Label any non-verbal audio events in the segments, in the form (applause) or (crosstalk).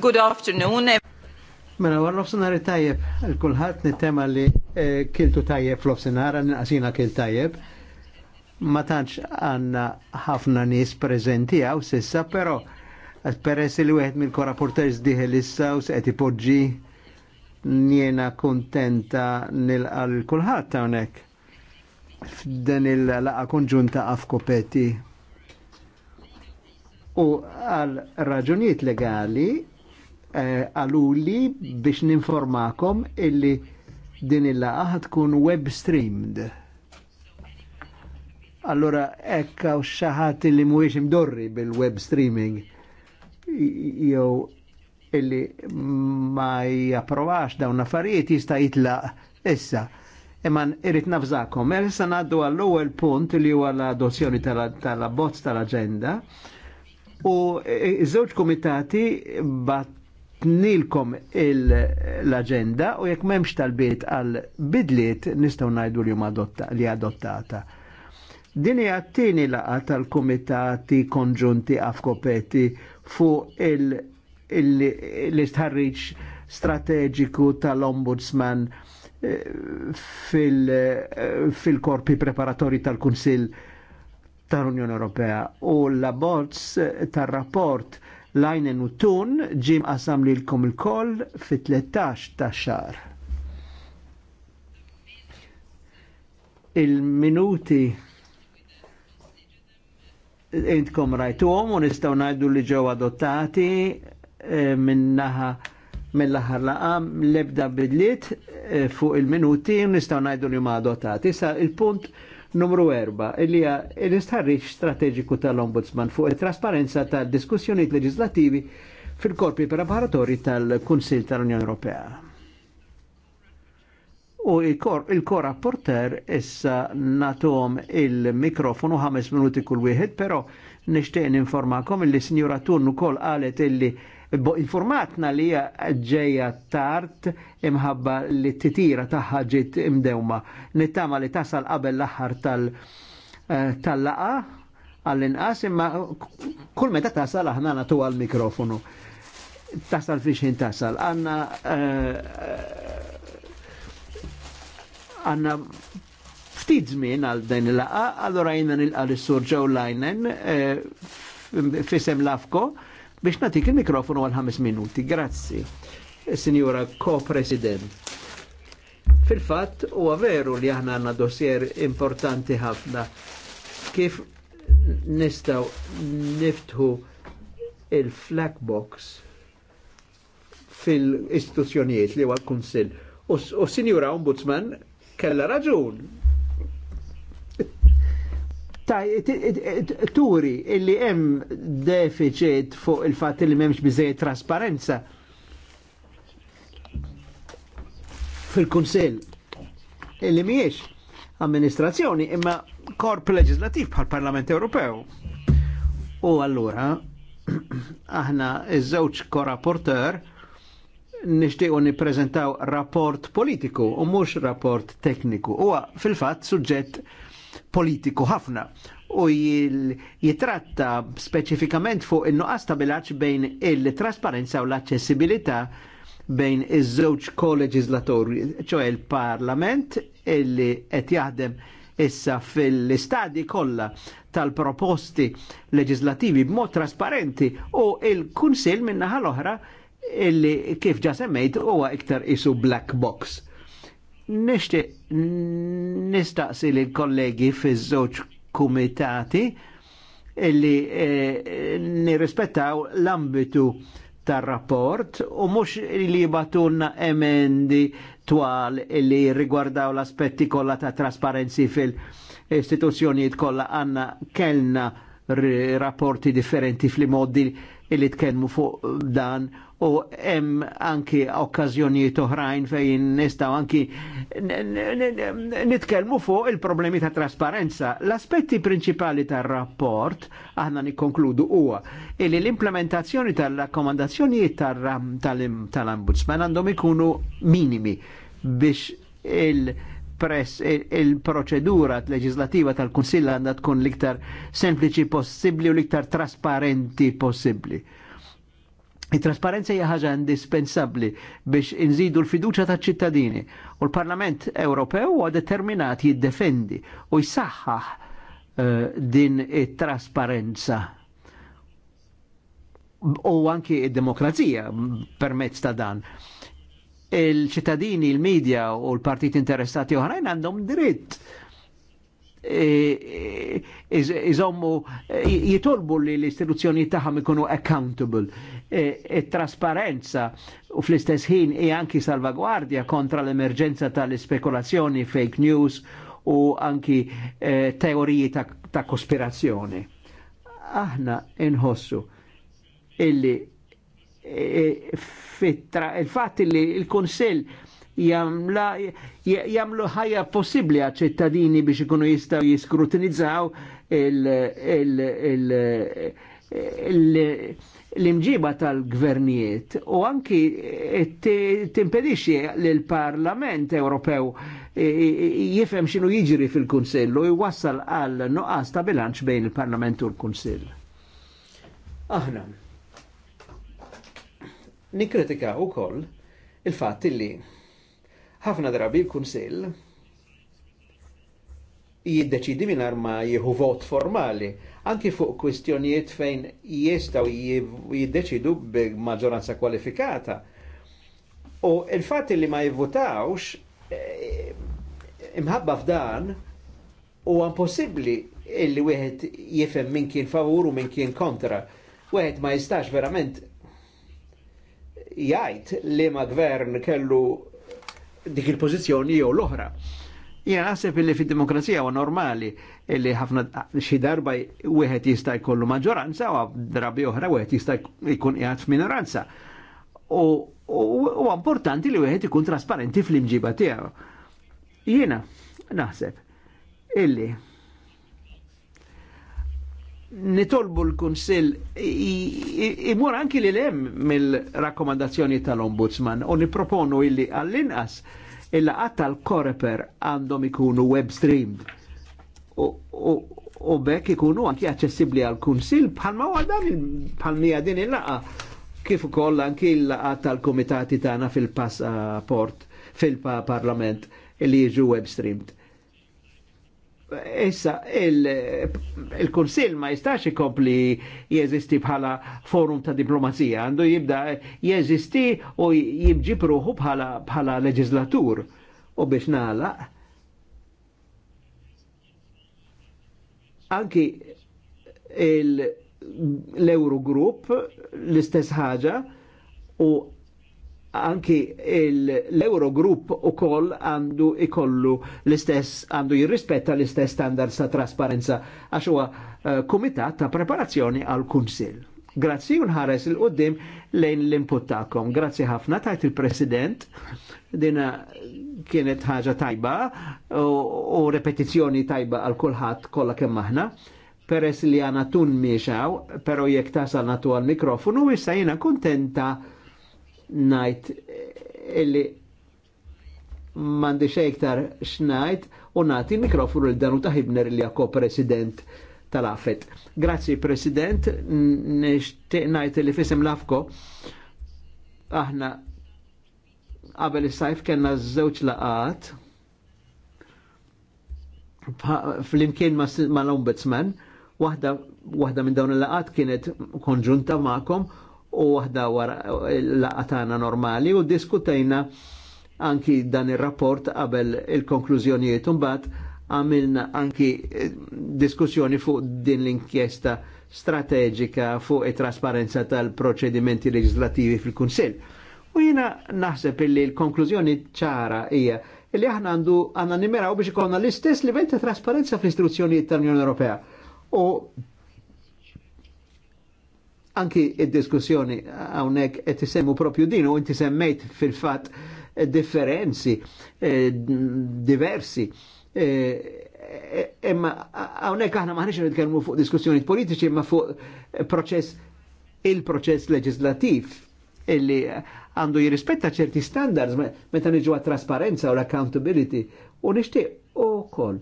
Good afternoon. Mela, għar l-ofsenari tajjeb, l-kulħat nittema li eh, kiltu tajjeb l-ofsenar, għasina kil tajjeb. Ma tantx għanna ħafna nis prezenti għaw sissa, pero peress li wieħed mill-korrapporters diħe lissa u se poġġi njena kontenta nilqa l-kulħat hawnhekk F'den il-laqa konġunta għafkopeti. U għal raġunijiet legali Eh, għaluli biex ninformakom illi din il-laqa tkun web streamed. Allora, ekka u xaħat illi muwiex imdorri bil-web streaming. Jew illi ma japprovax dawn affarijiet jista' jitla issa. Eman irrit nafżakom. Mela, issa naddu għall-ewwel punt li huwa l-adozzjoni tal-abbozz tal-aġenda. U iż-żewġ e, e, komitati bat Tnilkom l-agenda u jekk memx tal-bit għal-bidliet nistaw najdu li adotta, li adottata. Dini għattini laqa tal-komitati konġunti afkopeti fuq l-istħarriċ strategiku tal-ombudsman eh, eh, fil-korpi fil preparatori tal-Kunsil tal-Unjoni Ewropea u l-abbozz tal-rapport tal rapport lajnen u tun ġim qasam lilkom il-koll fi 13 ta' xar. Il-minuti intkom għom u nistgħu ngħidu li ġew adottati eh, minnaħa mill-aħħar laqam l-ebda bidliet eh, fuq il-minuti u nistgħu ngħidu li ma adottati. Sa il-punt numru 4, il hija l-istħarriġ strateġiku tal-Ombudsman fuq it-trasparenza tad-diskussjonijiet leġislativi fil-korpi preparatori tal-Kunsil tal-Unjoni Ewropea. U il-korrapporter rapporter issa natom il-mikrofonu 5 minuti kull wieħed, però informakom il-li Sinjura Turnu kol qalet illi informatna li ġeja tard imħabba li t-titira taħħa ġit imdewma. Nittama li tasal qabel l-aħħar eh, tal-laqa għall-inqas imma kull meta tasal aħna natu għal-mikrofonu. Tasal fiex tasal. Għanna eh, għanna ftit żmien għal din il-laqa, allora jina nilqa l-sur Joe Linen eh, fisem lafko biex natik il-mikrofonu għal ħames minuti. Grazzi, Signora Co-President. Fil-fat, u veru li aħna għanna dossier importanti ħafna. Kif nistaw niftħu il-flag box fil-istituzzjonijiet li għal l-Kunsill. U Signora Ombudsman kella raġun turi illi hemm deficit fuq il-fatt li m'hemmx biżejjed trasparenza fil-Kunsell illi mhijiex amministrazzjoni imma korp leġislattiv bħal Parlament Ewropew. U allura (clears throat) aħna iż-żewġ korapporter nixtiequ nippreżentaw rapport politiku u mhux rapport tekniku. Huwa fil-fatt suġġett politiku ħafna u jitratta speċifikament fuq in-nuqqas ta' bilanċ bejn il-trasparenza u l-aċċessibilità bejn iż-żewġ koleġislatorji, ċoħe il-Parlament illi qed jaħdem issa fil-istadi kollha tal-proposti leġislativi b'mod trasparenti u il-Kunsill min-naħa l-oħra illi kif ġa semmejt huwa iktar isu black box Nishtiq nistaqsi li kollegi fi żewġ kumitati illi e, nirrispettaw l-ambitu tar-rapport u mhux li batunna emendi twal illi rigwardaw l-aspetti kollha ta' trasparenzi fil-istituzzjonijiet kollha għandna kellna rapporti differenti fl-modi illi tkellmu fuq dan u hemm anki okkażjonijiet oħrajn fejn nistgħu anki nitkellmu fuq il-problemi ta' trasparenza. L-aspetti prinċipali tar-rapport aħna nikkonkludu huwa li l-implementazzjoni tal-rakkomandazzjonijiet tal-Ombudsman għandhom ikunu minimi biex il- press il-proċedura leġislativa tal kunsilla għandha tkun l-iktar sempliċi possibbli u l-iktar trasparenti possibbli Il-trasparenza hija ħaġa indispensabbli biex inżidu l-fiduċa ta' ċittadini u l-Parlament Ewropew huwa determinat jiddefendi u jsaħħaħ eh, din it-trasparenza. U anki id-demokrazija permezz ta' dan. Il-ċittadini, il-medja u l-partit interessati oħrajn għandhom dritt jizommu jitolbu li l-istituzzjoni taħam ikunu accountable. E, e trasparenza u fl-istess ħin i anki salvaguardja kontra l-emerġenza tal-spekulazzjoni, fake news u anki e, teoriji ta' kospirazzjoni. Aħna inħossu illi il-fatt li il-Konsill il fatt li il konsil il jamlu ħajja possibli għal ċittadini biex ikunu jistaw jiskrutinizzaw l-imġiba tal-gvernijiet u anki eh, timpedixi l-Parlament Ewropew eh, eh, jifem xinu jiġri fil-Kunsillu u jwassal għal nuqqas ta' bilanċ bejn il-Parlament u l-Kunsill. Aħna, nikritika u koll il-fat li ħafna drabi l-Kunsill jiddeċidi minar ma jieħu vot formali, anki fuq kwistjonijiet fejn jistaw jiddeċidu b'maġġoranza kwalifikata. U il-fatt li ma jivvotawx eh, imħabba f'dan u għan possibli illi wieħed jifhem min kien favur u min kien kontra. Wieħed ma jistax verament jgħid li ma gvern kellu dik il pozizjoni jew l-oħra. Jena naħseb illi fi demokrazija huwa normali illi ħafna xi darba wieħed jista' jkollu maġġoranza u drabi oħra wieħed jista' jkun qiegħed f'minoranza. U importanti li wieħed ikun trasparenti fl-imġiba tiegħu. Jiena naħseb illi nitolbu l-Kunsill imur anki li lem mill-rakkomandazzjoni tal-Ombudsman u niproponu illi għall-inqas il-laqat tal-Koreper għandhom ikunu web streamed u bekk ikunu anki aċċessibbli għal kunsil bħalma u dan bħalmija din il-laqa kif ukoll anki l-laqa tal-komitati tagħna fil-passaport fil-parlament illi jiġu web streamed. Issa, il-Konsil ma jistax ikompli jeżisti bħala forum ta' diplomazija, għandu jibda jeżisti u jibġib ruħu bħala, leġizlatur. U biex nala, anki l-Eurogroup l-istess ħaġa u anki l eurogrupp u koll għandu ikollu l-istess, għandu jirrispetta l-istess standards ta' trasparenza għax huwa eh, komitat ta' preparazzjoni għal kunsil. Grazzi unħares il-qoddim lejn l-input ta'kom. Grazzi ħafna tajt il-President, dina kienet ħaġa tajba u repetizjoni tajba għal kulħadd kolla kemm aħna peress li għana tun miexaw, pero jek tasal natu għal mikrofonu, jissa jena kontenta najt eh, illi mandi xejktar xnajt u nati il-mikrofonu l-danu taħibner li jako president tal afet Grazzi president, nishtiq najt li fisem lafko, aħna qabel il sajf kena żewġ laqat fl-imkien ma l-ombudsman, waħda minn dawn il-laqat kienet konġunta ma'kom u waħda wara laqatana normali u diskutejna anki dan ir-rapport qabel il-konklużjonijiet bat għamilna anki eh, diskussjoni fuq din l-inkjesta Strategika fuq it-trasparenza tal-proċedimenti legislativi fil kunsil U jina naħseb illi l-konklużjoni ċara hija illi aħna għandu għanna nimeraw biex ikonna l-istess livell ta' trasparenza fl-istruzzjonijiet tal-Unjoni Ewropea. U anki id-diskussjoni għawnek qed isemmu propju din u inti semmejt fil fat differenzi eh, diversi. Eh, eh, imma eh, hawnhekk aħna maħniex nitkellmu fuq diskussjoni politiċi imma fuq proċess il-proċess leġislativ illi għandu jirrispetta ċerti standards meta niġu trasparenza u l-accountability u u ukoll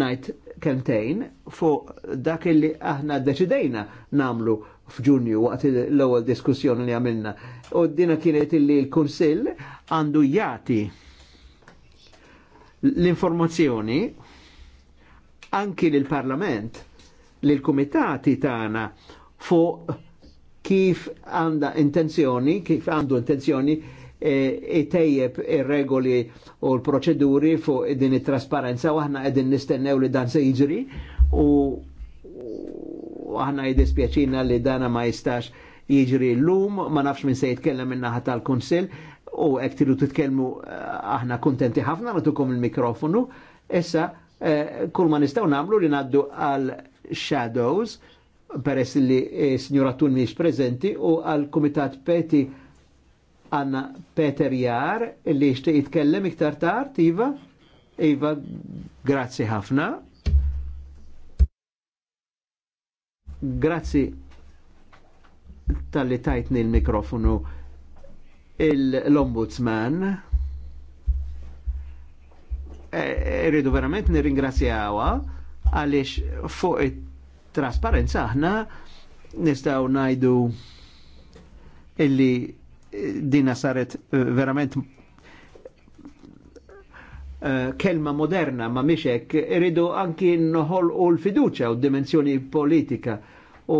najt kemtejn fuq dak illi aħna deċidejna namlu f'Ġunju waqt l-ewwel diskussjoni li għamilna. U dina kienet illi l-Kunsill għandu jati l-informazzjoni anki l-Parlament l-Kumitati tagħna fuq kif għanda intenzjoni, kif għandu intenzjoni itejjeb e, e ir-regoli u l-proċeduri fuq din it-trasparenza u aħna qegħdin nistennew li dan se jiġri u u aħna jiddispjaċina li dana ma jistax jiġri l-lum, ma nafx minn se jitkellem minna tal konsil u hekk tilu titkellmu eh, aħna kuntenti ħafna natukom il-mikrofonu. Issa eh, kull ma nistaw namlu li naddu għal shadows peress li eh, signora Tun miex prezenti u għal kumitat Peti għanna Peter Jar li jixtieq jitkellem iktar tard, Iva. Iva, grazzi ħafna. Grazzi tal-li tajtni l-mikrofonu l-ombudsman. E, irridu e verament nirringrazzjawa għaliex fuq it-trasparenza aħna nistaw najdu illi dina saret verament Eh, kelma moderna ma miexek irridu anki noħol u l-fiduċa u dimensjoni politika u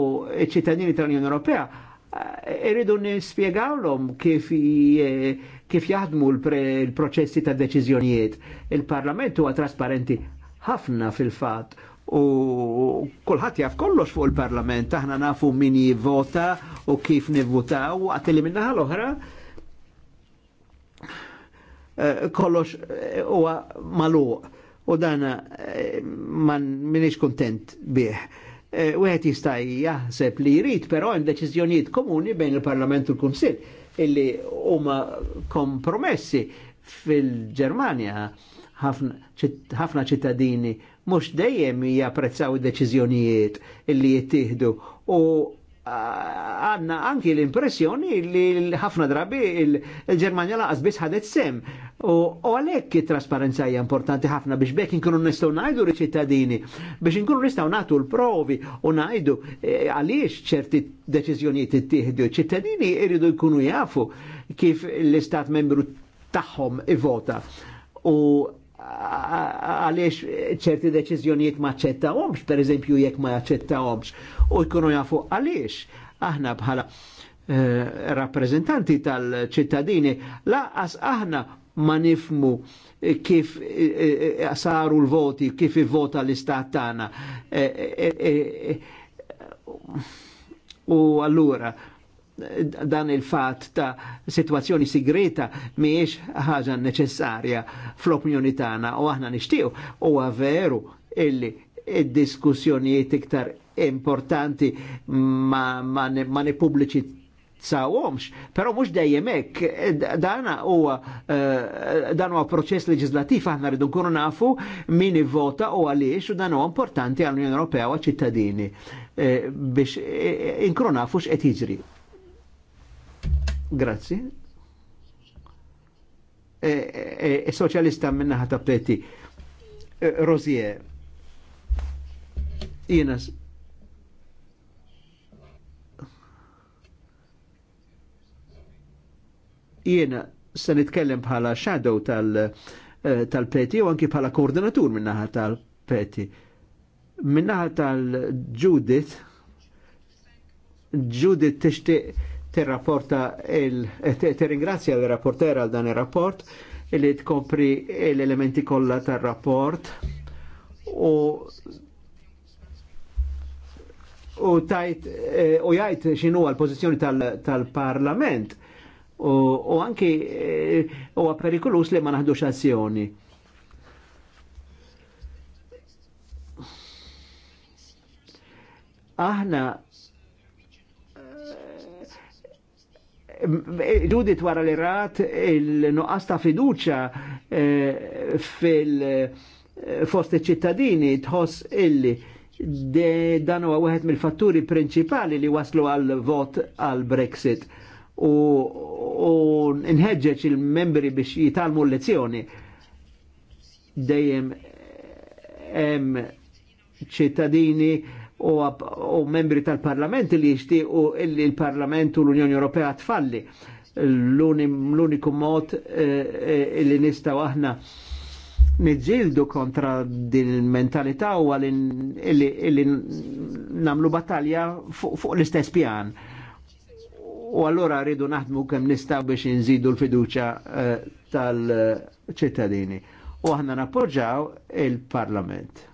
ċittadini tal-Unjoni Ewropea eh, irridu nispiegawlom kif eh, kif jaħdmu l-proċessi ta' deċiżjonijiet. Il-Parlament huwa trasparenti ħafna fil-fatt u kulħadd jaf kollox fuq il-parlament, aħna nafu min jivvota u kif nivvotaw, għat minnaħa l-oħra kollox eh, huwa maluq u dana eh, man minix kontent bih. Eh, wieħed jista' jaħseb li jrid, però hemm deċiżjonijiet komuni bejn il-Parlament u l-Kunsill illi huma kompromessi fil-Ġermanja ħafna ċittadini mhux dejjem japprezzaw id-deċiżjonijiet illi jittieħdu u għanna anki l-impressjoni li ħafna drabi il-Germania laqas biss ħadet sem. U għalhekk trasparenza hija importanti ħafna biex bekk inkunu nistgħu ngħidu l-ċittadini, biex inkunu nistgħu nagħtu l-provi u ngħidu e, għaliex ċerti deċiżjonijiet ittieħdu. ċittadini jridu jkunu jafu kif l-istat membru tagħhom ivota. U għaliex ċerti deċiżjonijiet ma ċettawomx, per eżempju jekk ma ċettawomx, u jkunu jafu għaliex aħna bħala eh, rappresentanti tal-ċittadini, laqas aħna ma nifmu kif eh, eh, saru l-voti, kif i-vota l-istat tana. U allura dan il-fat ta' situazzjoni sigreta miex ħaġa neċessarja fl-opinjoni tagħna u aħna nixtiew huwa veru illi id-diskussjonijiet iktar importanti ma, ma, ma nipubbliċi sawomx, pero mux dejjem hekk dana huwa eh, dan huwa proċess leġislattiv aħna rridu nkunu nafu min ivvota u għaliex u dan huwa importanti għall-Unjoni Ewropea u ċittadini eh, biex eh, inkunu nafu x'qed jiġri. Grazzi. E, e, e soċjalista minnaħa ta' pleti. E, jiena se nitkellem bħala shadow tal- e, peti u anki bħala koordinatur minnaħa tal-peti. Minnaħa tal-Judith, Judith terrapporta tirrapporta eh, tirringrazzja l rapporter għal dan ir-rapport li tkompri l-elementi kollha tar-rapport u u tajt eh, u jajt xinu għal pozizjoni tal-Parlament u anki eh, huwa perikolus li ma naħdux azzjoni. Aħna Ġudit wara li rat il-nuqqas ta' fiduċa eh, fil- eh, fost ċittadini tħoss illi dan huwa wieħed mill-fatturi prinċipali li waslu għal vot għal Brexit u, u nħeġġeġ il-membri biex jitalmu l-lezzjoni dejjem eh, hemm ċittadini u membri tal-Parlament li jixtiequ illi l-Parlament u l-Unjoni Ewropea tfalli. L-uniku mod eh, eh, li nistaw aħna nidżildu kontra din il mentalità u illi namlu battalja fuq l-istess pjan. U allora rridu naħdmu kemm nistaw biex nżidu l-fiduċa eh, tal-ċittadini. U aħna nappoġġaw il-Parlament.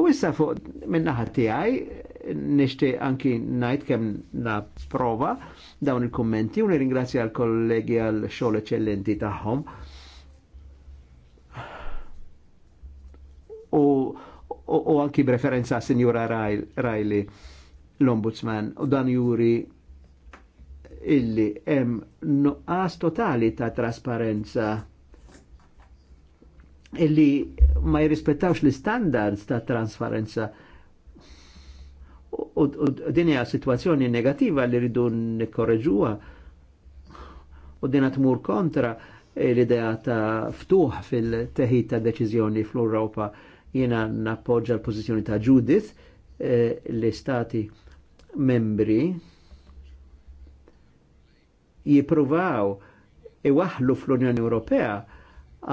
U issa fuq minnaħa tiegħi nishti anki najt kemm na prova dawn il-kummenti u nirringrazzja għal kollegi għal xol eccellenti tagħhom. U, u, u anki b'referenza Sinjura Rajli l-Ombudsman u dan juri illi hemm nuqqas totali ta' trasparenza illi ma jirrispettawx l-standards ta' trasparenza u din hija situazzjoni negativa li rridu nikkorreġuha u din tmur kontra l-idea ta' ftuħ fil-teħid ta' deċiżjoni fl-Ewropa jiena nappoġġa l-pożizzjoni ta' Judith eh, li stati membri jipruvaw iwaħlu fl-Unjoni Ewropea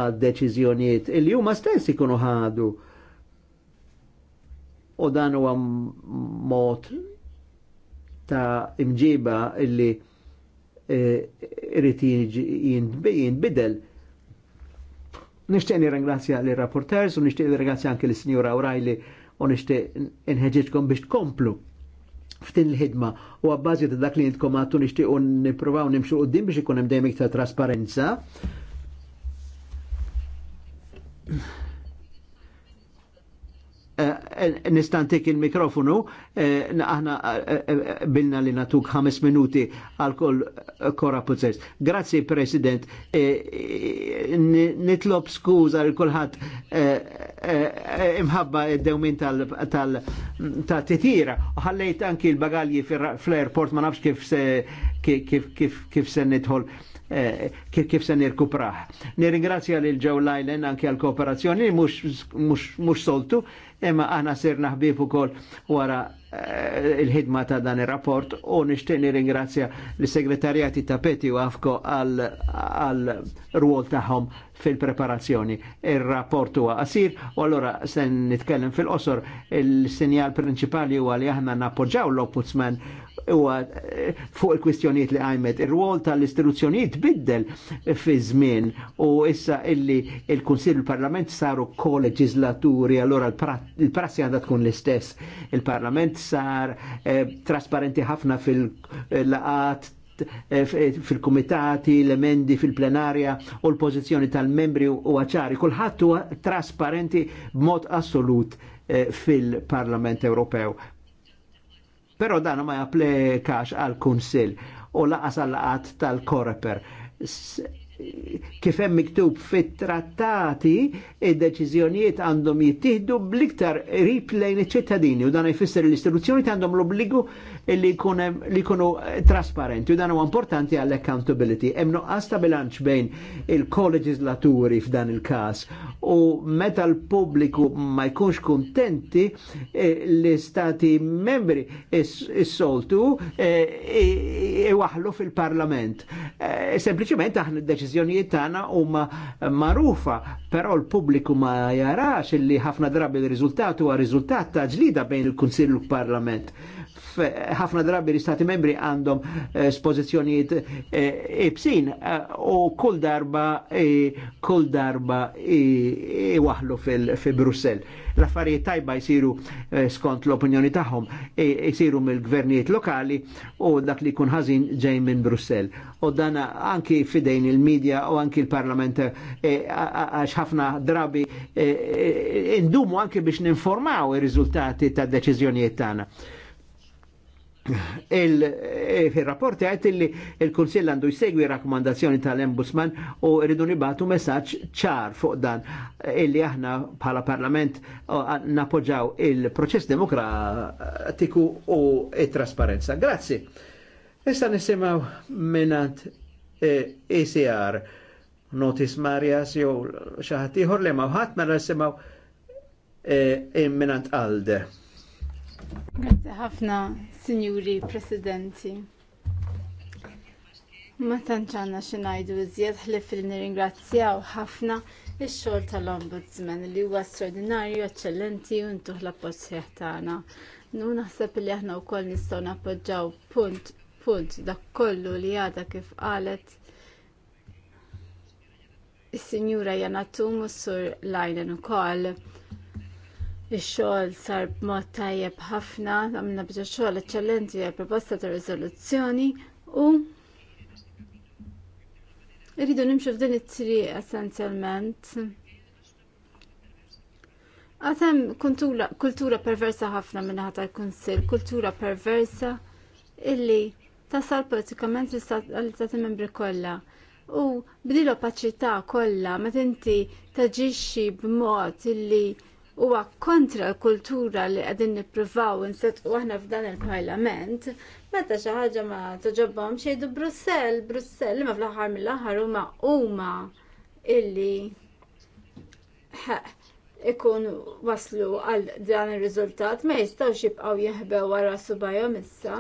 għad deċiżjonijiet illi huma stess ikunu ħadu. U dan huwa mod ta' imġiba illi e, irrit jindbidel. Nishtiqni nirringrazzja l rapporters u nishtiq ringrazzja anke l-Sinjura Urajli u nishtiq inħeġġitkom biex tkomplu ftin l-ħidma u għabbażi ta' dak li jitkom għattu nishtiq u niprovaw nimxu qoddim biex ikun hemm dejjem iktar trasparenza Eh, eh, nistantik il-mikrofonu, eh, aħna bilna li natuk 5 minuti għal kol kora puzzers. Grazzi, President, nitlob skuza l kolħat imħabba id-dewmin tal-titira. Ħallejt anki l-bagalji fl-airport ma nafx kif se kif se nitħol. Eh, kif kif se nirkupraħ. Nirringrazzja lil Joe lajlen anke għal kooperazzjoni mhux soltu, imma aħna sirna ħbib ukoll wara eh, il-ħidma ta' dan ir-rapport u nixtieq nirringrazzja l-segretarjati ta' Peti u għafko għal rwol tagħhom fil-preparazzjoni. Ir-rapport huwa qasir u allura se nitkellem fil-qosor il-sinjal prinċipali huwa li aħna nappoġġaw l-Ombudsman huwa eh, fuq il-kwistjonijiet li għajmet ir-rwol tal-istituzzjonijiet biddel fi żmien u issa illi il-Kunsill il-Parlament saru koleġislaturi allora il-prassi għandha tkun l-istess. Il-Parlament sar eh, trasparenti ħafna fil-laqat Eh, fil-komitati, l-emendi fil-plenarja u l-pozizjoni tal-membri u għacari. Kulħadd huwa trasparenti b'mod assolut eh, fil-Parlament Ewropew. Però dan ma japplikax għal kunsil u laqas għal tal-Koreper. Kif hemm miktub fit-trattati, id-deċiżjonijiet għandhom jittieħdu bl-iktar rib lejn iċ-ċittadini u dan jfisser l-istituzzjoni għandhom l-obbligu li jkunu eh, trasparenti u dan huwa importanti għall accountability Hemm nuqqas ta' bilanċ bejn il kolleġislaturi f'dan il-każ u meta l-pubbliku ma jkunx kuntenti eh, l-istati membri is-soltu eh, iwaħlu fil-parlament. Sempliċement aħna d-deċiżjonijiet tagħna huma marufa, però l-pubbliku ma jarax li ħafna drabi l-riżultat huwa riżultat ta' ġlida bejn il-Kunsill u l-Parlament ħafna drabi l-istati membri għandhom eh, spożizzjonijiet eh, ibsin eh, u kull darba kull darba waħlu fil Brussel. L-affarijiet tajba jisiru skont l-opinjoni tagħhom jisiru mill-gvernijiet lokali u dak li kun ħażin ġej minn Brussel. U dan anki fidejn il-medja u anki l-parlament għax ħafna drabi indumu anki biex ninformaw ir-riżultati tad deċiżjonijiet tagħna. E, il-rapport għajt li il-Kunsill għandu jsegwi rakkomandazzjoni tal-Embusman u rridu nibatu messaċ ċar fuq dan illi aħna bħala Parlament napoġaw il-proċess demokratiku u trasparenza. Grazzi. Issa nisimaw minnant ECR e Notis Marias jew xaħat iħor li mawħat mela nisimaw e, minnant Alde. Grazie ħafna, Signori Presidenti. Ma tanċanna xinajdu iżjed ħlif li nirringrazzjaw ħafna ix-xogħol tal-Ombudsman li huwa straordinarju, eċċellenti u ntuħ l-appoġġ sieħ tagħna. Nu naħseb li aħna wkoll nistgħu nappoġġaw punt punt dak kollu li għadha kif qalet is-Sinjura Janatum u s-Sur Lajnen ukoll. Ix-xogħol sar b'mod tajjeb ħafna, għamilna biex xogħol eċċellenti għal proposta ta' riżoluzzjoni u rridu nimxu f'din it-triq essenzjalment. Għatem kultura perversa ħafna minn ħata l-Kunsil, kultura perversa illi tasal politikament l-istati membri kollha. U b'dil opacita opaċità kollha meta inti taġixxi b'mod illi huwa kontra l-kultura li qegħdin nippruvaw insetqu aħna f'dan il-Parlament, meta xi ħaġa ma toġobhom xejdu Brussell, Brussell ma fl-aħħar mill-aħħar huma huma illi (laughs) ikun waslu għal dan ir-riżultat ma jistgħux jibqgħu jeħbew wara subajhom issa.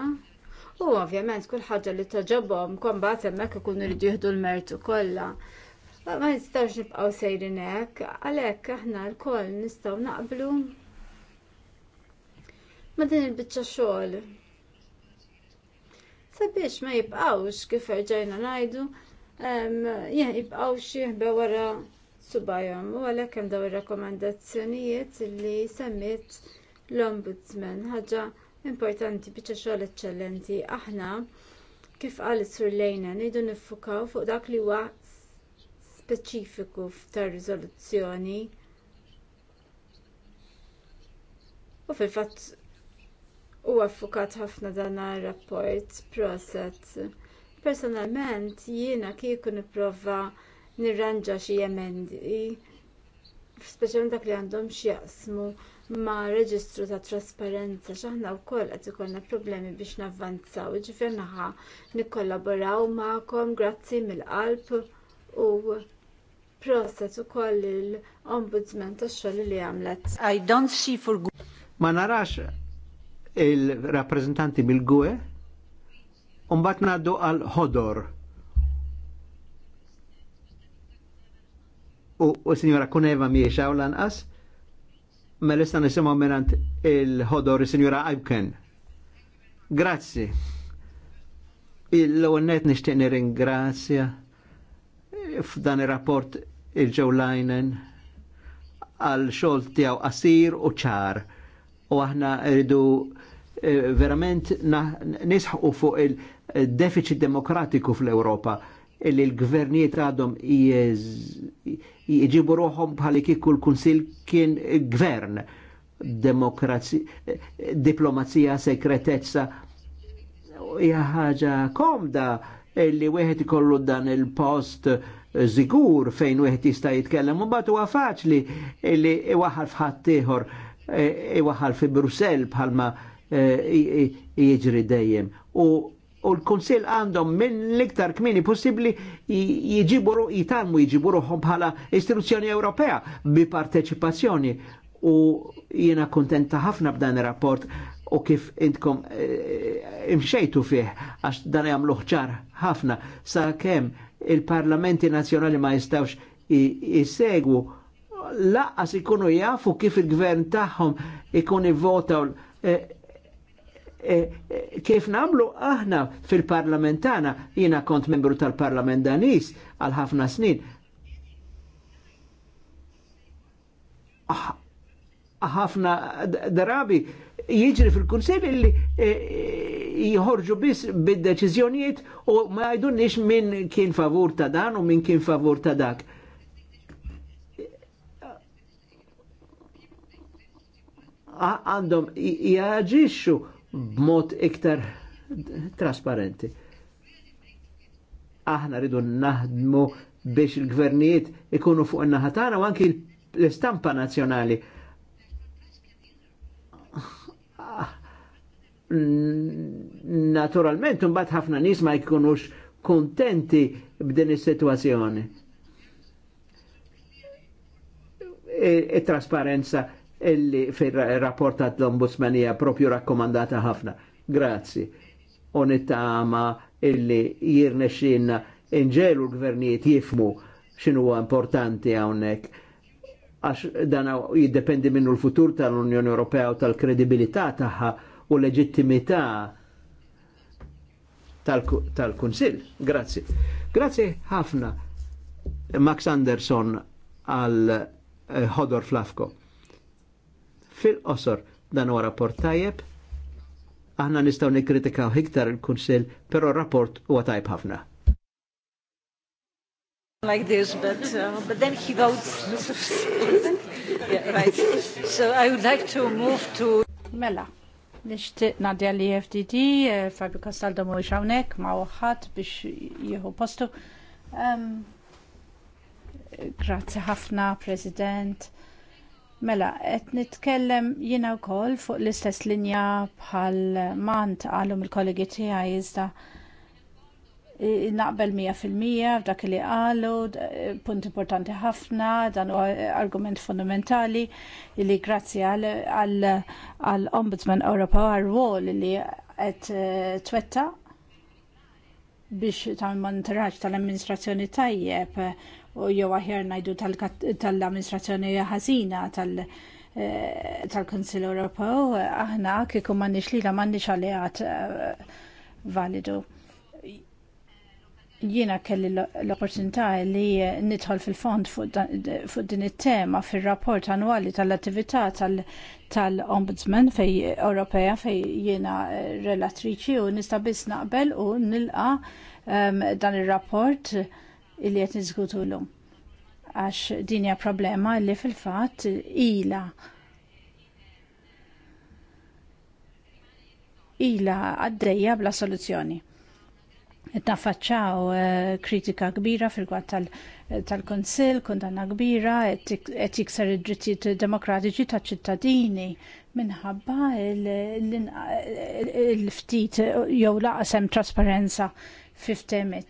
U ovvjament kull ħaġa li toġobhom kombat hemmhekk ikunu jridu jieħdu l-mertu kollha. Ma nistawx nibqaw sejrin hekk, għalhekk aħna lkoll nistgħu naqblu ma din il-biċċa xogħol. Sabiex ma jibqawx kif erġajna ngħidu, jibqgħu jieħbew wara subajhom u għalhekk hemm dawn ir-rakkomandazzjonijiet li semmiet l-Ombudsman ħaġa importanti biċċa xogħol eċċellenti aħna kif qal is-Sur Lejna nidu niffukaw fuq dak li huwa speċifiku f'tar riżoluzzjoni u fil-fatt huwa affukat ħafna dan ir-rapport process. Personalment jiena kieku nipprova nirranġa xi emendi speċjalment dak li għandhom x'jaqsmu ma' reġistru ta' trasparenza x'aħna wkoll qed ikollna problemi biex navvanzaw, ġifier naħa nikkollaboraw magħkom grazzi mill-qalb u process u koll il-ombudsman tax-xogħol li għamlet. I don't see for good. Ma narax il-rappreżentanti bil-GUE Umbat naddu għal ħodor. U, u signora Kuneva miex għaw lanqas, ma l-istan nisimaw minant il-ħodor signora Aibken. Grazzi. il għonnet nishtiqni ringrazzja f'dan il-rapport il-Joe Linen għal xogħol tijaw qasir u ċar. U aħna rridu eh, verament nisħu fuq il-deficit demokratiku fl europa illi l-gvernijiet għadhom jġibu ruħom bħal kikku l-Kunsil kien gvern diplomazija, sekretezza. Hija ħaġa komda illi wieħed ikollu dan il-post zigur fejn u wieħed jista' jitkellem u bat huwa faċli li iwaħħal f'ħadd ieħor e, iwaħħal fi Brussel bħalma e, jiġri dejjem. U l konsil għandhom minn l-iktar kmini possibli jiġiburu jitalmu jiġibu ruħhom bħala istituzzjoni Ewropea bi parteċipazzjoni u jiena kontenta ħafna b'dan il rapport u kif intkom e, imxejtu fih għax dan jagħmluh ċar ħafna sa kemm il-parlamenti nazjonali ma jistawx jissegwu laqqas ikunu jafu kif il-gvern tagħhom ikun ivvotaw eh, eh, eh, kif namlu aħna fil-parlamentana jiena kont membru tal-parlament danis għal ħafna snin ah, ħafna drabi jiġri fil-Kunsell illi eh, jħorġu biss bid-deċiżjonijiet u ma jgħidunniex min kien favur ta' dan u min kien favur ta' dak. Għandhom jaġixxu b'mod iktar trasparenti. Aħna ridu naħdmu biex il-gvernijiet ikunu fuq in-naħatana u anki l-istampa nazjonali. Mm, naturalment mbagħad ħafna nies ma jkunux kontenti b'din is-sitwazzjoni. it e, e trasparenza illi fir rapport tal l-Ombudsman hija propju rakkomandata ħafna. Grazzi. Onittama illi jirnexxinna inġelu l-gvernijiet jifmu x'inhu importanti hawnhekk għax dan jiddependi minnu l-futur tal-Unjoni Ewropea u tal-kredibilità tagħha ta u leġittimità tal-Kunsill. Grazzi. Grazzi ħafna Max Anderson għal ħodor eh, flafko. Fil-qosor dan u rapport tajjeb, aħna nistaw nikritikaw hiktar il kunsil pero rapport u għatajb ħafna. Like this, but uh, but then he votes. (laughs) yeah, right. So I would like to move to Mela. Nishtiq nadja li FDD, eh, Fabio Castaldo mu iġawnek, ma uħat biex jieħu postu. Grazie Grazzi ħafna, President. Mela, et nitkellem jina u kol fuq l-istess linja bħal mant għalum il-kollegi tijaj jizda. Uh, naqbel 100% f'dak li qalu, punt importanti ħafna, dan u argument fundamentali li grazzi għall-Ombudsman Ewropew għal wall li qed eh, twetta biex tal monitoraġġ tal-amministrazzjoni tajjeb u jew aħjar ngħidu tal-amministrazzjoni ħażina tal- eh, tal-Konsil Ewropew aħna kieku m'għandniex lila m'għandniex għalijat eh, validu jiena kelli l-opportunità li nidħol fil-fond fuq din it-tema fil-rapport annwali tal-attività tal-Ombudsman fej Ewropea fej jiena eh, relatriċi u nista' biss naqbel u nilqa ehm, dan ir-rapport li qed niżgutu lum. Għax din hija problema li fil-fatt ila ila għaddejja bla soluzzjoni nafaċċaw eh, kritika kbira fil-gwad tal-Konsil, kundanna kbira, qed jikser id-drittijiet demokratiċi ta' ċittadini minħabba il- ftit jew laqasem trasparenza fiftemet.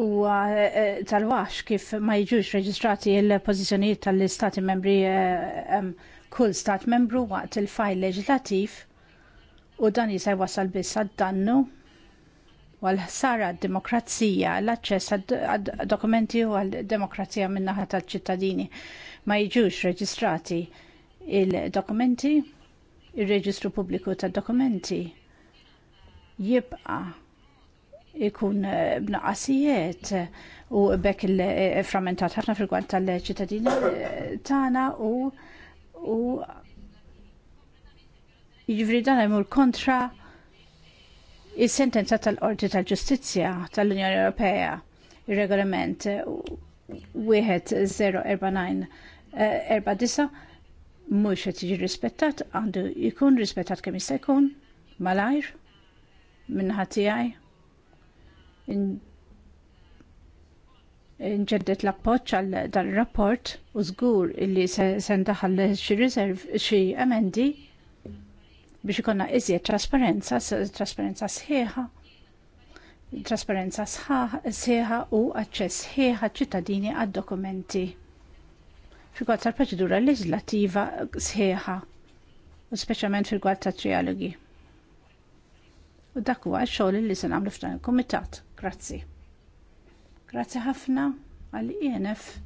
U eh, tal-wax kif ma jiġux reġistrati l-pożizzjonijiet tal-istati membri eh, kull stat membru waqt il-fajl leġislattiv u dan jista' wasal biss għad-dannu u għal ħsara d-demokrazija, l-aċċess għad dokumenti u għal demokrazija min-naħa tal-ċittadini ma jiġux reġistrati il-dokumenti, il-reġistru pubbliku tad-dokumenti jibqa' ikun eh, b'naqasijiet u bekk il-frammentat eh, ħafna fil-gwant tal-ċittadini eh, tagħna u Jiġifieri dan jmur kontra is-sentenza tal-Qorti tal-Ġustizzja tal-Unjoni Ewropea ir-regolament 1049 49 mhux qed jiġi rispettat, għandu jkun rispettat kemm jista' jkun malajr minnaħa tiegħi nġeddet l-appoċ għal dan il-rapport u zgur illi se ndaħal xi riserv xi emendi biex ikonna iżjed trasparenza, trasparenza sħiħa, trasparenza sħiħa u aċċess sħiħa ċittadini għad-dokumenti. Fil-gwad tal-proċedura leġislativa sħiħa u speċjalment fil-gwad tal trialogi. U dak huwa x-xogħol li se nagħmlu f'dan il-kumitat. Grazzi. Grazzi ħafna għall-INF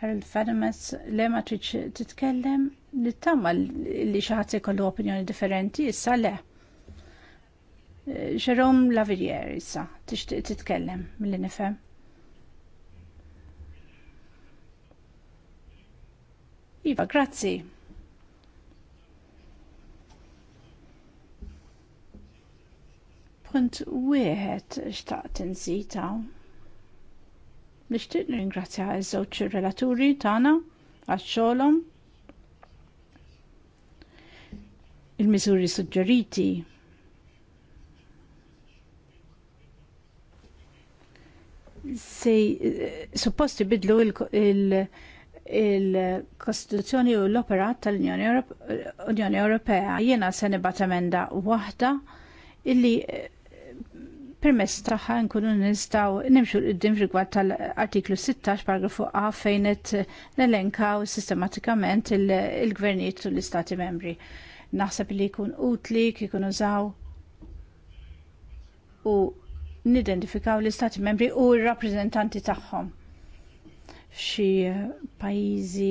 Harold Fadimas le ma tridx titkellem li tama li xi ħadd ikollu opinjoni differenti issa le. Eh, Jerome Lavillier issa tixtieq titkellem milli nifhem. Iva, grazzi. Punt wieħed xtaqt inżita. Nixtieq ringrazzja iż-żewġ relaturi tagħna għax-xogħolhom il-miżuri suġġeriti sej supposti bidlu il-Kostituzzjoni il, il u l-opera tal-Unjoni Ewropea jiena se nibgħat emenda waħda illi permess tagħha nkunu nistgħu nimxu iddim rigward tal-artiklu 16 paragrafu A fejn qed nelenkaw sistematikament il-gvernijiet u l-istati membri. Naħseb li jkun utli kikun użaw u nidentifikaw l-istati membri u r-rappreżentanti tagħhom f'xi pajjiżi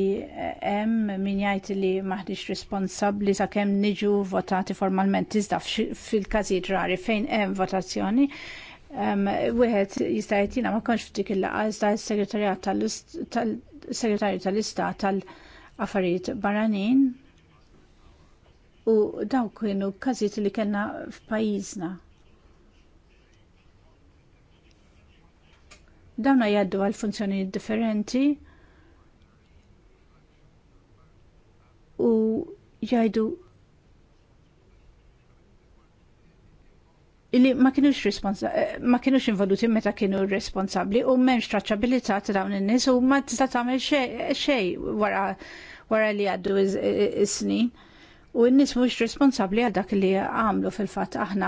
hemm min jgħid li maħdix responsabbli sakemm niġu votati formalment iżda fil-każijiet rari fejn hemm votazzjoni Wieħed jista' jgħid jiena ma konx f'dik il-laqgħa iżda s-segretarjat tal-segretarju tal-istat tal-affarijiet barranin u daw kienu każijiet li kellna f'pajjiżna Dawna jaddu għal funzjonijiet differenti u jgħidu illi ma kienux eh, ma kienux involuti meta kienu responsabli u menx traċabilità ta' dawn in-nies u ma tista' tagħmel xejn wara wara li għaddu is-snin. Is u n-nis mux responsabli dak li għamlu fil-fat aħna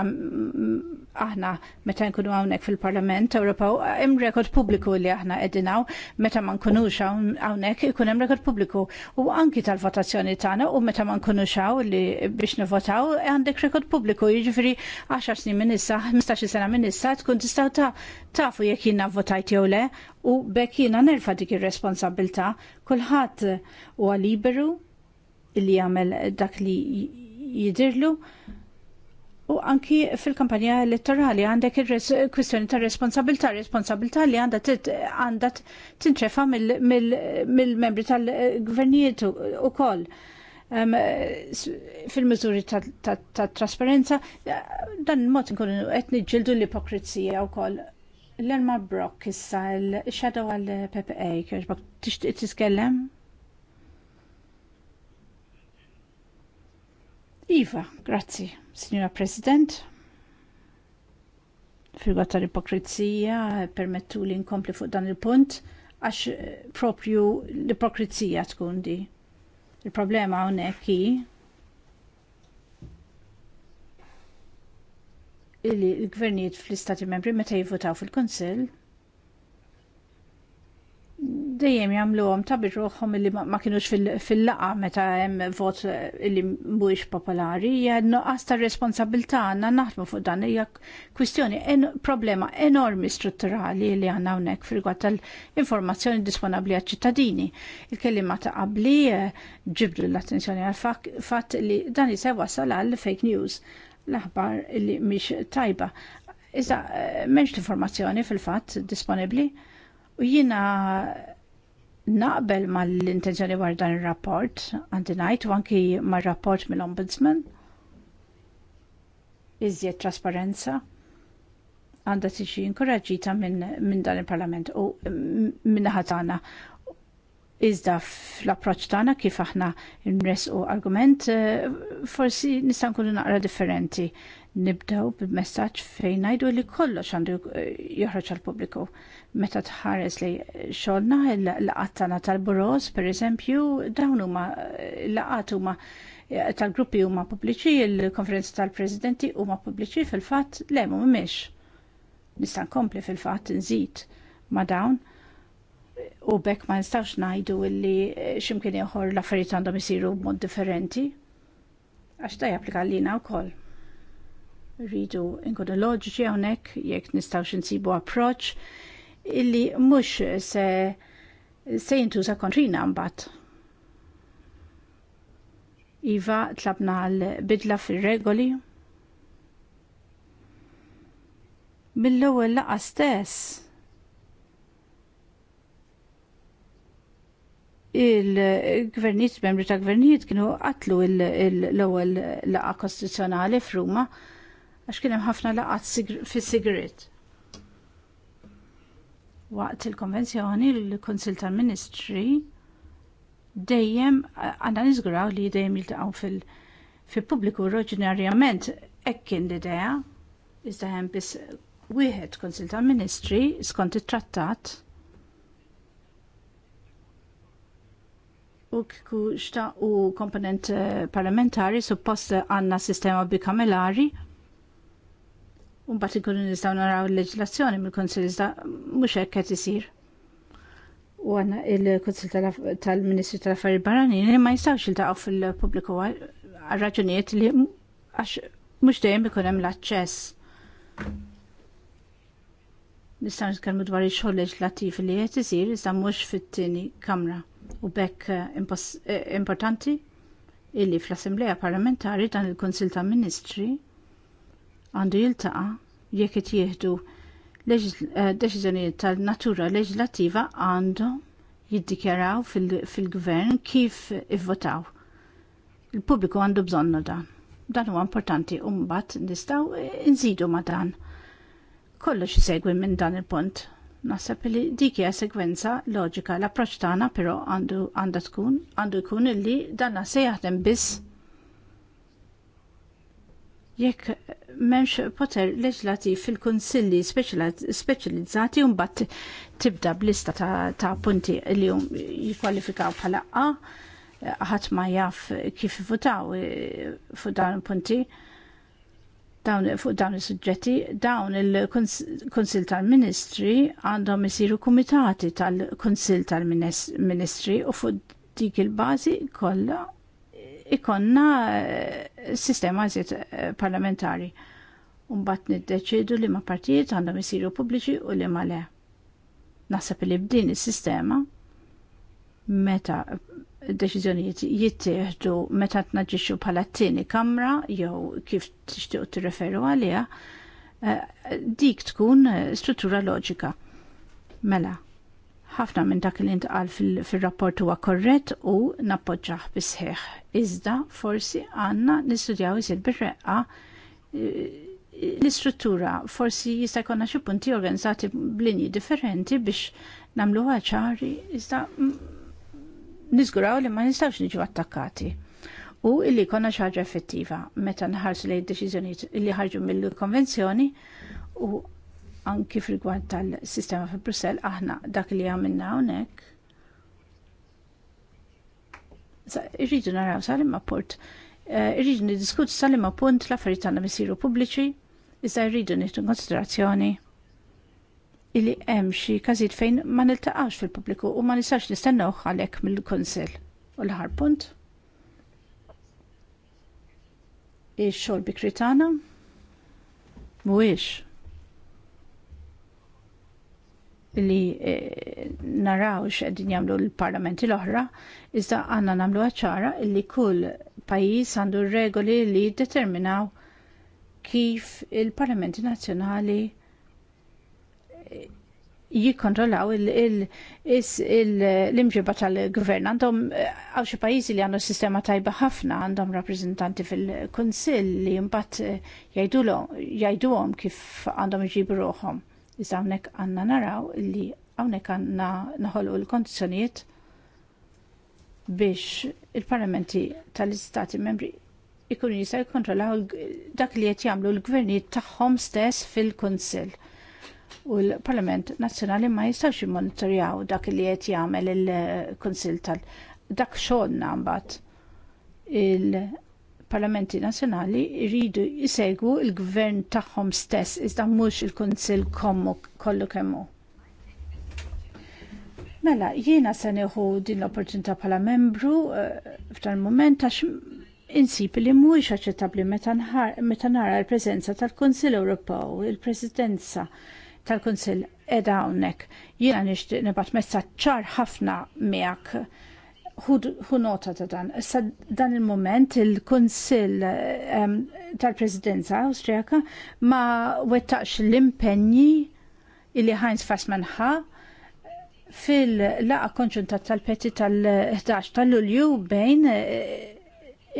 aħna meta nkunu hawnhekk fil-Parlament Ewropew hemm rekord pubbliku li aħna qegħdinaw meta ma nkunux hawnhekk ikun hemm rekord pubbliku u anki tal-votazzjoni tagħna u meta ma nkunux hawn li biex nivotaw għandek rekord pubbliku jiġifieri 10 snin minn issa, 15 sena minn issa tkun tistgħu tafu jekk jiena votajt jew le u bekk jiena nerfa' dik ir responsabbilta kulħadd huwa liberu illi jagħmel dak li jidirlu u anki fil-kampanja elettorali għandek il-kwistjoni ta' responsabilità responsabilta li għandha għandha tintrefa mill-membri tal-gvernijiet ukoll koll. fil-mizuri ta' trasparenza, dan mod nkunu qed niġġieldu l-ipokrizija wkoll. L-Elma Brock issa l-shadow għal-PPA, kiex bak tixtieq tiskellem? Iva, grazzi, Signora President. Fil-gwa tal-ipokrizija, permettu li nkompli fuq dan il-punt, għax eh, propju l-ipokrizija tkun di. Il-problema hawnhekk hi il-gvernijiet fl-istati membri meta jivvotaw fil-Konsil dejjem jagħmluhom tabir ruħhom illi ma kinux fil-laqa meta hemm vot eh, illi mhuwiex popolari hija nuqqas ta' responsabilità għandna naħdmu fuq dan hija kwistjoni problema enormi strutturali li għandna hawnhekk fil tal-informazzjoni disponibbli għaċ-ċittadini. Il-kelliema ta' qabli eh, ġibru l-attenzjoni għal fatt li dan jisewa sal għal fake news l-aħbar li mhix tajba. Iżda, eh, menx informazzjoni fil fatt disponibbli u jina naqbel mal-intenzjoni war dan il-rapport għandi ngħid u anki mar-rapport mill-Ombudsman. Iżjed trasparenza għandha tiġi inkoraġita minn min dan il-Parlament u minn ħatana. Iżda fl-approċċ tagħna kif aħna nresqu argument eh, forsi nista' nkunu naqra differenti nibdaw bil-messaġġ fejn ngħidu li kollox għandu eh, joħroġ għal pubbliku. Meta tħares li xogħolna l-laqat tal-buros, pereżempju, dawn huma eh, laqat huma eh, tal-gruppi huma pubbliċi, il konferenzi tal-presidenti huma pubbliċi fil-fatt le mhumiex. Nista' nkompli fil-fatt nżid ma' dawn u bekk ma nistax najdu illi ximkien jħor l-affarijiet għandhom isiru b'mod differenti. Għax ta' japplika lina wkoll rridu nkunu loġiċi hawnhekk jekk nistgħu x'insibu approċċ illi mhux se se jintuża kontrina mbagħad. Iva tlabna għal-bidla fil-regoli. Mill-ewwel laqa stess il-gvernijiet, membri ta' gvernijiet kienu qatlu l-ewwel laqa kostituzzjonali f'Ruma għax kien hemm ħafna laqat fis-sigrit. Waqt il-konvenzjoni l-Konsil tal-Ministri dejjem għandna niżguraw li dejjem jiltaqgħu fil- pubbliku oriġinarjament hekk kien l-idea iżda hemm biss wieħed Konsil tal-Ministri skont it-trattat u kiku xta u komponent eh, parlamentari suppost għanna sistema bikamelari bat ikunu nistaw naraw il leġislazzjoni mill-Konsil iżda mhux hekk qed isir. U għanna il-Konsil tal-Ministri tal-Affarijiet Barranin ma jistgħux jiltaqgħu fil-pubbliku għal raġunijiet li għax mhux dejjem ikun hemm l-aċċess. Nistgħu nitkellmu dwar ix-xogħol leġislattiv li qed isir iżda mhux fit-tieni Kamra u bekk eh, eh, importanti illi fl-Assembleja Parlamentari dan il-Konsil tal-Ministri għandu jiltaqa jekk qed jieħdu eh, deċiżjonijiet tal-natura leġislattiva għandu jiddikjaraw fil-gvern kif ivvotaw. Il-pubbliku għandu bżonnu dan. Dan huwa importanti u mbagħad nistgħu eh, nżidu ma' dan. Kollox isegwi minn dan il-punt. Naħseb li dik hija sekwenza loġika l-approċċ tagħna però għandu għandha tkun għandu jkun illi dan se jaħdem biss jekk memx poter leġlativ fil-konsilli speċjalizzati mbagħad tibda blista ta', ta punti li jum jikwalifikaw bħala A, ħadd ma jaf kif votaw e, fuq dawn punti dawn fuq dawn is-suġġetti, dawn il-Konsil tal-Ministri għandhom isiru kumitati tal-Konsil tal-Ministri u fuq dik il-bażi kollha ikonna eh, sistema zit eh, parlamentari. Umbat niddeċidu li ma partijiet għandhom isiru pubbliċi u li ma le. Nasab li b'din is-sistema meta deċiżjonijiet jittieħdu meta tnaġġixxu bħala t-tieni kamra jew kif tixtiequ tirreferu għaliha eh, dik tkun struttura loġika. Mela, ħafna minn dak li intqal fil-rapport huwa korrett u nappoġġaħ bisħeħ. Iżda forsi għandna nistudjaw jisir bir-reqqa eh, l-istruttura forsi jista' jkollna xi punti organizzati b'linji differenti biex nagħmluha ċari iżda mm, niżguraw li ma nistgħux niġu attakkati u illi konna xaġa effettiva meta nħarsu lejn deċiżjonijiet li ħarġu mill-konvenzjoni u anki frigwant tal-sistema fi Brussel aħna dak li għamilna hawnhekk. Irridu naraw salim appunt eh, irridu nidiskut salim appunt punt l-affarijiet tagħna misiru pubbliċi, iżda rridu nittu konsiderazzjoni illi hemm xi każijiet fejn ma niltaqax fil-pubbliku u ma nistax nistennew għalhekk mill-Kunsill. U l-aħħar punt. Ix-xogħol bikritana tagħna mhuwiex li eh, narawx xeddin jamlu l-parlamenti l-oħra, iżda għanna namlu għacċara li kull pajis għandu regoli li determinaw kif il-parlamenti nazjonali eh, jikontrollaw l-imġiba tal-gvern. Għandhom eh, għaw xi pajjiżi li għandu sistema tajba ħafna, għandhom rappreżentanti fil-Kunsill li mbagħad jgħidulhom kif għandhom iġibruħom. Iżda hawnhekk għandna naraw li hawnhekk għandna naħolqu l-kondizzjonijiet biex il-parlamenti tal-istati membri ikunu jista' jikkontrollaw dak li qed jagħmlu l-gvernijiet tagħhom stess fil-Kunsill. U l-Parlament Nazzjonali ma jistgħux jimmonitorjaw dak li qed jagħmel il-Kunsill tal dak xogħolna mbagħad il-parlamenti nazzjonali jridu jsegwu l gvern tagħhom stess iżda mhux il-kunsill kollu kemmu. Mela, jiena se neħu din l-opportunità bħala membru eh, f'dan il moment għax insib li mhuwiex aċċettabbli meta nara l-preżenza tal-Kunsill Ewropew, il-Presidenza tal-Kunsill qiegħda hawnhekk. Jiena nixtieq nibgħat messaġġ ċar ħafna miegħek hu nota ta' dan. Issa dan il mument il-Kunsill um, tal-Presidenza Awstrijaka ma wettaqx l impegni illi Heinz Fassman ħa fil-laqa konċunta tal-peti tal-11 tal-Lulju bejn eh,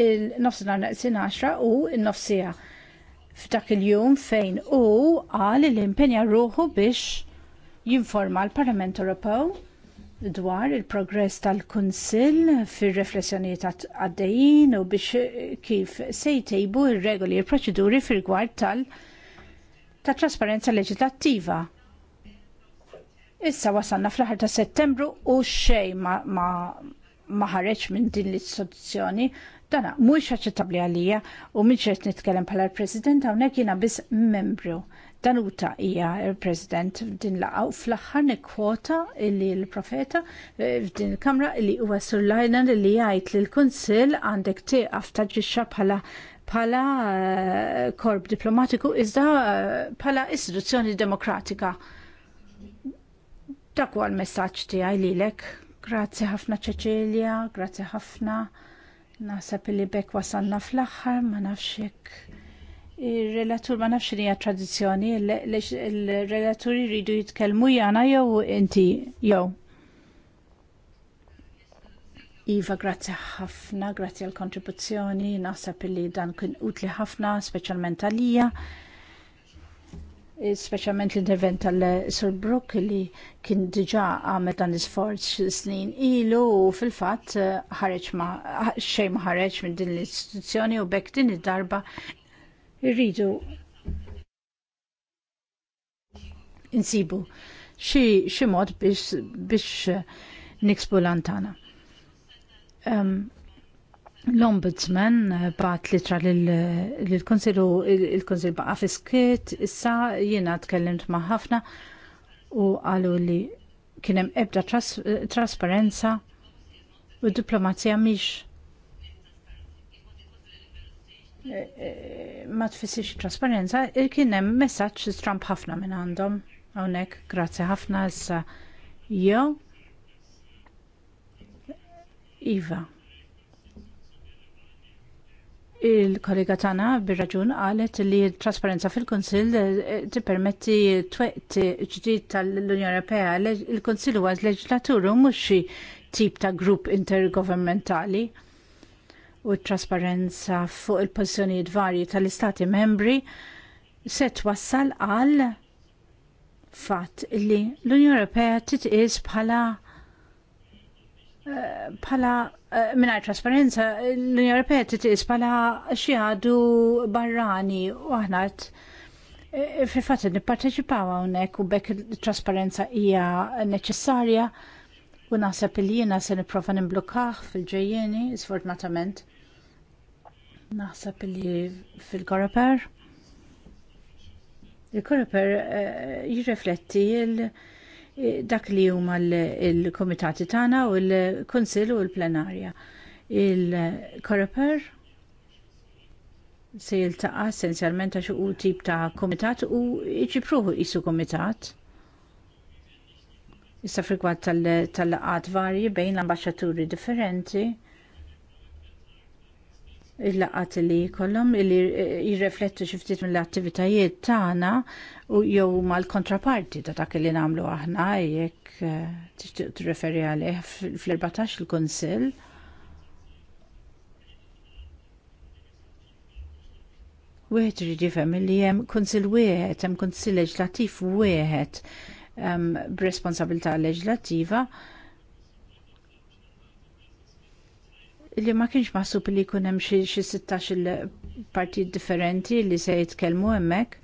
il-nofsinar naqsin 10 u il-nofsija f'dak il-jum fejn u għal l-impenja ruħu biex jinforma l-Parlament Ewropew dwar il-progress tal-Kunsill fir-reflessjonijiet għaddejjin u biex eh, kif se jtejbu r regoli u l-proċeduri fir rigward tal- ta' trasparenza leġislattiva. Issa wasalna fl-aħħar ta' settembru u xejn ma, ma ma minn din l-istituzzjoni, dana mhux aċċettabbli għalija u minn qed nitkellem bħala l-President hawnhekk jiena biss membru. Danuta hija il-President din laqgħu fl-aħħar nikkwota illi l-profeta eh, f'din il-Kamra li huwa surlajna Lajnan li jgħid li l-Kunsill għandek tieqaf taġixxa bħala bħala eh, korb diplomatiku iżda eh, bħala istituzzjoni demokratika. Dak huwa l-messaġġ tiegħi lilek. Grazzi ħafna Ċeċilja, grazzi ħafna. Nasab li bekk wasalna fl-aħħar ma nafx Il-relatur ma nafx li tradizjoni, il-relaturi jridu jitkellmu jana jew inti jew. Iva, grazzi ħafna, grazzi għal kontribuzzjoni, naħseb li dan kien utli ħafna, speċjalment għalija, speċjalment l-intervent għal sur Brook li kien diġa għamet dan l-sforz snin ilu u fil-fat ħareġ ma xej ħareġ minn din l-istituzzjoni u bekk din id-darba Irridu insibu xi xi mod biex biex niksbu lantana. Um, L-Ombudsman bat tra l-Konsilu, il-Konsil baqa fiskit, issa jiena tkellimt ma' ħafna u għalu li kienem ebda tras trasparenza u diplomazija miex ma tfissirx trasparenza, eh, kien hemm messaġġ stramp ħafna minn għandhom hawnhekk grazzi ħafna issa jew Iva. Il-kollega tagħna bir-raġun qalet li t trasparenza fil-Kunsill eh, tippermetti twett ġdid tal-Unjoni Ewropea. Il-Kunsill huwa leġislatur u mhux xi tip ta' grupp intergovernmentali u t trasparenza fuq il-pozizjonijiet varji tal-istati membri se twassal għal fatt li l-Unjoni Ewropea titqis bħala eh, bħala eh, mingħajr trasparenza l-Unjoni Ewropea titqis bħala xi għadu barrani u aħna eh, fil fatt nipparteċipaw hawnhekk u bekk it trasparenza hija neċessarja u naħseb li jiena se nipprova nimblukkah fil-ġejjeni sfortunatament Naħseb li fil-Koreper. Il-Koreper eh, jirrefletti dak li huma l-komitati tagħna u l kunsill u l-Plenarja. Il-Koreper se jiltaqa essenzjalment għax u tip ta' komitat u iġipruħu isu komitat. Issa frikwat tal-laqat varji bejn l-ambasċaturi differenti il-laqat li kollom li eh, jirreflettu xiftit mill-attivitajiet tagħna u jew mal-kontraparti ta' dak li nagħmlu aħna jekk eh, tixtieq tirreferi għalih fl-14 il-Kunsill. Wieħed irid jifhem li hemm kunsill wieħed, hemm kunsill leġislattiv wieħed b'responsabilità leġislattiva. li ma kienx maħsub li jkun hemm xi 16 il partit differenti li se jitkellmu hemmhekk.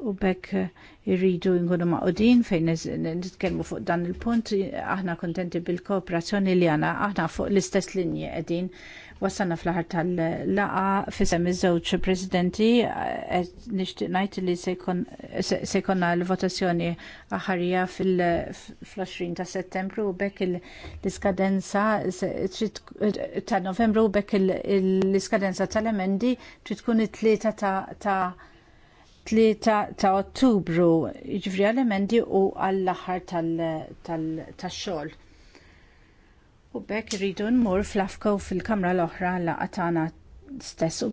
U bekk eh, irridu nkunu maqudin fejn nitkellmu fuq dan il-punt, aħna kontenti bil-kooperazzjoni li għana, aħna fuq l-istess linji qegħdin Wasanna fl-ħar tal-laqa fisem iż-żewġ presidenti eh, nixtieq ngħid li se jkollna l-votazzjoni aħarija fil-20 ta' Settembru u bekk l-iskadenza ta' Novembru u bekk l-iskadenza tal-emendi trid tkun it-tlieta ta' 3 ta' Ottubru, ġifri għal-emendi u għall-aħħar tal-xogħol. U bekk irridu nmur flafko fil-kamra l-oħra laqatana stess u